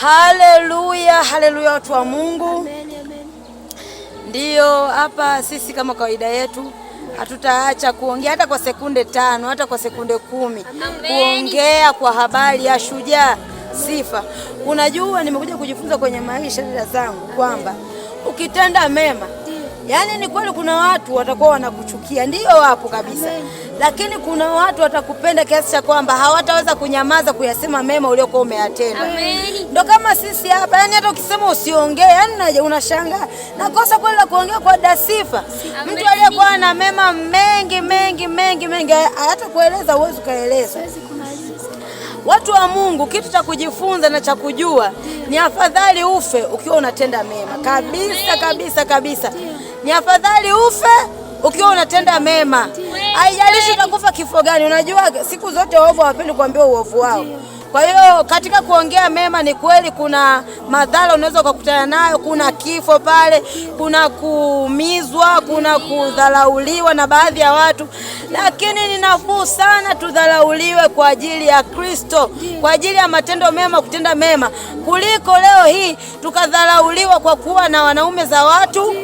Haleluya, haleluya, watu wa Mungu. Ndiyo, hapa sisi kama kawaida yetu hatutaacha kuongea hata kwa sekunde tano hata kwa sekunde kumi amen. Kuongea kwa habari ya shujaa Sifa. Unajua, nimekuja kujifunza kwenye maisha dada zangu kwamba ukitenda mema Yaani ni kweli kuna watu watakuwa wanakuchukia, ndiyo wapo kabisa, lakini kuna watu watakupenda kiasi cha kwamba hawataweza kunyamaza kuyasema mema uliokuwa umeyatenda. Ndo kama sisi hapa, yani hata ukisema usiongee, yani unashangaa na kosa kweli la kuongea kwa dasifa. Mtu aliyekuwa na mema mengi mengi mengi mengi, hata kueleza uwezi ukaeleza. Watu wa Mungu, kitu cha kujifunza na cha kujua ni afadhali ufe ukiwa unatenda mema kabisa kabisa kabisa, kabisa. Ni afadhali ufe ukiwa unatenda mema, haijalishi utakufa kifo gani. Unajua siku zote waovu hawapendi kuambiwa uovu wao. Kwa hiyo katika kuongea mema, ni kweli kuna madhara unaweza ukakutana nayo, kuna kifo pale, kuna kuumizwa, kuna kudharauliwa na baadhi ya watu, lakini ni nafuu sana tudharauliwe kwa ajili ya Kristo, kwa ajili ya matendo mema, kutenda mema, kuliko leo hii tukadharauliwa kwa kuwa na wanaume za watu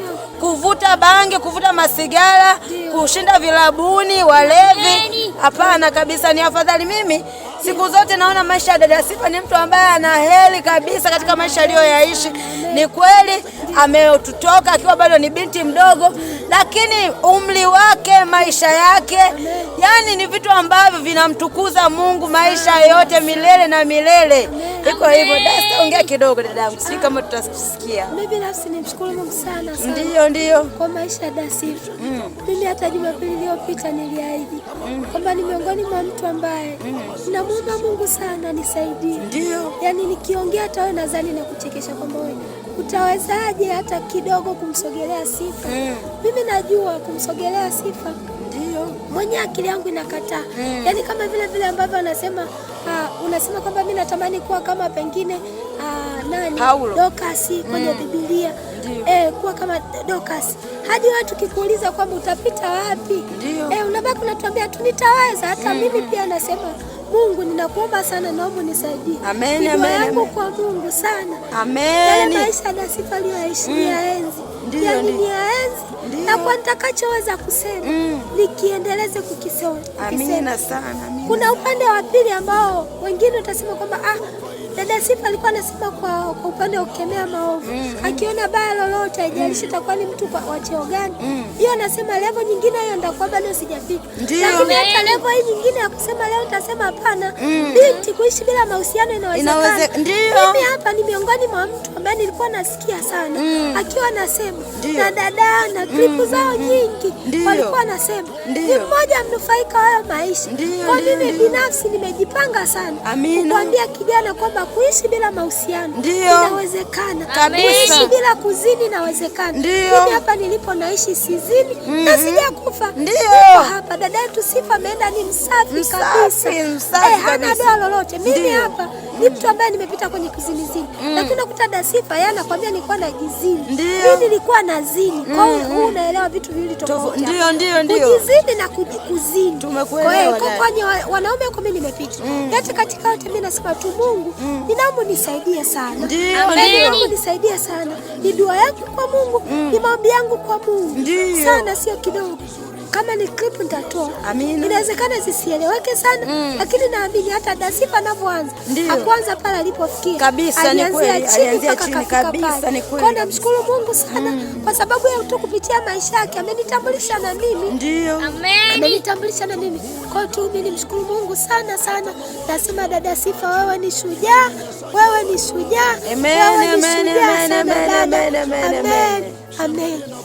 kuvuta bangi, kuvuta masigara, kushinda vilabuni, walevi. Hapana kabisa, ni afadhali. Mimi siku zote naona maisha ya dada Sifa ni mtu ambaye ana heri kabisa katika maisha aliyoyaishi. Ni kweli ametutoka akiwa bado ni binti mdogo, lakini umri wake, maisha yake, yani ni vitu ambavyo vinamtukuza Mungu maisha yote milele na milele. Iko hivyo. Dasta, ongea kidogo dadangu, si kama tutasikia. Mimi nafsi nimshukuru Mungu sana sana. Ndio, ndio. Kwa maisha dasifu. Mm. Mimi hata Jumapili iliyopita niliahidi mm. kwamba ni miongoni mwa mtu ambaye mm. namwomba Mungu sana nisaidie. Ndio. Yaani nikiongea hata wewe nadhani nakuchekesha kwamba wewe utawezaje hata kidogo kumsogelea Sifa. Eh. Mimi najua kumsogelea Sifa mwenye akili yangu inakataa mm. Yani kama vile vile ambavyo anasema uh, unasema kwamba mi natamani kuwa kama pengine uh, nani Paulo. kwenye mm. Biblia eh, kuwa kama Dokasi hadi watu kikuuliza kwamba utapita wapi eh, unabaki unatuambia tu nitaweza hata mm. mimi pia nasema Mungu ninakuomba sana, naomba nisaidie. Amen, amen, yangu amen. Kwa Mungu sana. Amen. Maisha na sifa mm. ya enzi ya yaani niyaenzi na kwa nitakachoweza kusema mm. nikiendeleze kukisema. Amina sana. Kuna upande wa pili ambao wengine utasema kwamba ah, dada Sifa alikuwa anasema kwa, kwa upande wa kukemea maovu mm, Akiona baya lolote haijalishi mm-hmm. itakuwa ni mtu wa cheo gani mm-hmm. hiyo mm. Anasema levo nyingine hiyo ndakuwa bado sijafika, lakini hata levo hii nyingine ya kusema leo utasema hapana, mm. binti mm. kuishi bila mahusiano inawezekana. Mimi hapa ni miongoni mwa mtu ambaye nilikuwa nasikia sana mm. akiwa anasema na dada na klipu mm. zao nyingi walikuwa anasema ni mmoja mnufaika wayo maisha Ndiyo mimi binafsi nimejipanga sana. Kuambia kijana kwamba kuishi bila mahusiano inawezekana. Kuishi bila kuzini inawezekana. Mimi hapa nilipo naishi sizini mm -hmm. na mhm. sijakufa. Ndio. Hapa dada yetu Sifa ameenda ni msafi, msafi kabisa. Msafi eh, hana doa lolote. Mimi hapa ni mtu ambaye nimepita kwenye kuzini zini. Mm. Lakini nakuta dada Sifa yeye anakuambia nilikuwa na jizini. Mimi nilikuwa na zini. mm -hmm. Kwa hiyo mm-hmm. unaelewa vitu viwili tofauti. Ndio, ndio, ndio. Kujizini na kujikuzini. Tumekuelewa. Kwa hiyo kwenye wanaume huko mimi nimepita. Hata mm. yaani katika yote mimi nasema tu Mungu, mm. ninaomba nisaidie sana. Ninaomba nisaidie sana. Ni dua yangu kwa Mungu, mm. ni maombi yangu kwa Mungu. Sana sio kidogo kama ni clip nitatoa, inawezekana zisieleweke sana mm. Lakini naamini hata Dasifa anavyoanza akuanza pale alipofikia kabisa, alianzia chini kabisa, ni kweli Kwa namshukuru Mungu sana mm. kwa sababu ya tu kupitia maisha yake amenitambulisha na mimi ndio amenitambulisha na mimi kwa tu mimi nimshukuru Mungu sana sana, nasema dada Sifa, wewe ni shujaa, wewe ni shujaa, wewe ni shujaa amen, amen, Amen. Amen.